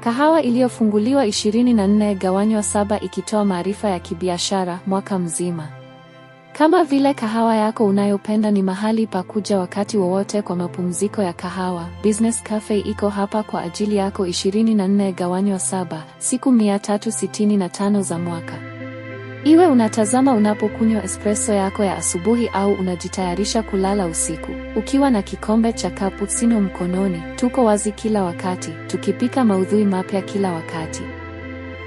Kahawa iliyofunguliwa 24 gawanywa saba ikitoa maarifa ya kibiashara mwaka mzima. Kama vile kahawa yako unayopenda ni mahali pa kuja wakati wowote kwa mapumziko ya kahawa, Business Cafe iko hapa kwa ajili yako 24 gawanywa saba siku 365 za mwaka. Iwe unatazama unapokunywa espresso yako ya asubuhi au unajitayarisha kulala usiku, ukiwa na kikombe cha cappuccino mkononi, tuko wazi kila wakati, tukipika maudhui mapya kila wakati.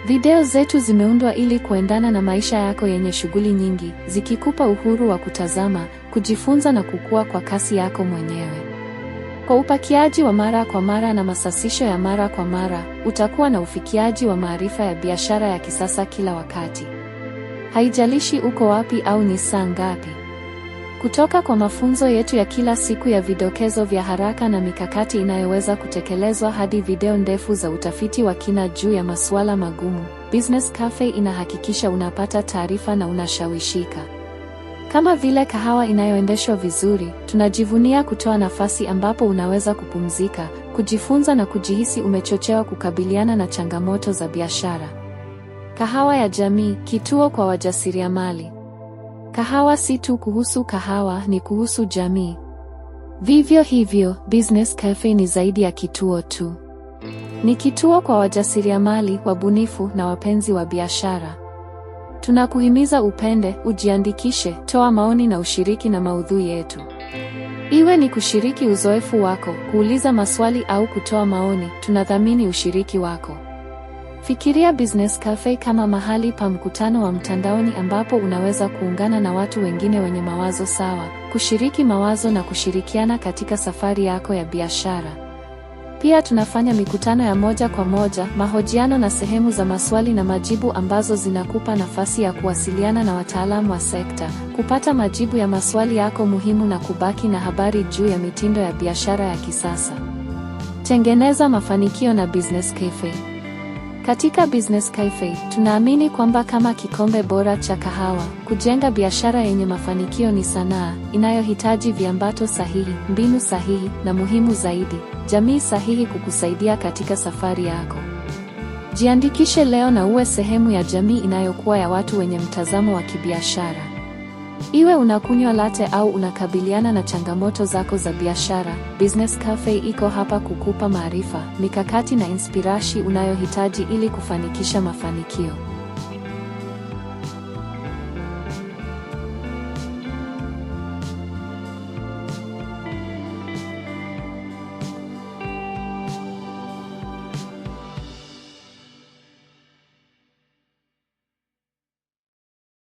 Video zetu zimeundwa ili kuendana na maisha yako yenye shughuli nyingi, zikikupa uhuru wa kutazama, kujifunza na kukua kwa kasi yako mwenyewe. Kwa upakiaji wa mara kwa mara na masasisho ya mara kwa mara, utakuwa na ufikiaji wa maarifa ya biashara ya kisasa kila wakati haijalishi uko wapi au ni saa ngapi. Kutoka kwa mafunzo yetu ya kila siku ya vidokezo vya haraka na mikakati inayoweza kutekelezwa hadi video ndefu za utafiti wa kina juu ya masuala magumu, Business Cafe inahakikisha unapata taarifa na unashawishika. Kama vile kahawa inayoendeshwa vizuri, tunajivunia kutoa nafasi ambapo unaweza kupumzika, kujifunza na kujihisi umechochewa kukabiliana na changamoto za biashara. Kahawa ya jamii, kituo kwa wajasiriamali. Kahawa si tu kuhusu kahawa, ni kuhusu jamii. Vivyo hivyo, Business Cafe ni zaidi ya kituo tu. Ni kituo kwa wajasiriamali, wabunifu na wapenzi wa biashara. Tunakuhimiza upende, ujiandikishe, toa maoni na ushiriki na maudhui yetu. Iwe ni kushiriki uzoefu wako, kuuliza maswali au kutoa maoni, tunathamini ushiriki wako. Fikiria Business Cafe kama mahali pa mkutano wa mtandaoni ambapo unaweza kuungana na watu wengine wenye mawazo sawa, kushiriki mawazo na kushirikiana katika safari yako ya biashara. Pia tunafanya mikutano ya moja kwa moja, mahojiano na sehemu za maswali na majibu ambazo zinakupa nafasi ya kuwasiliana na wataalamu wa sekta, kupata majibu ya maswali yako muhimu na kubaki na habari juu ya mitindo ya biashara ya kisasa. Tengeneza mafanikio na Business Cafe. Katika Business Cafe, tunaamini kwamba kama kikombe bora cha kahawa, kujenga biashara yenye mafanikio ni sanaa inayohitaji viambato sahihi, mbinu sahihi na muhimu zaidi, jamii sahihi kukusaidia katika safari yako. Jiandikishe leo na uwe sehemu ya jamii inayokuwa ya watu wenye mtazamo wa kibiashara. Iwe unakunywa latte au unakabiliana na changamoto zako za biashara, Business Cafe iko hapa kukupa maarifa, mikakati na inspirashi unayohitaji ili kufanikisha mafanikio.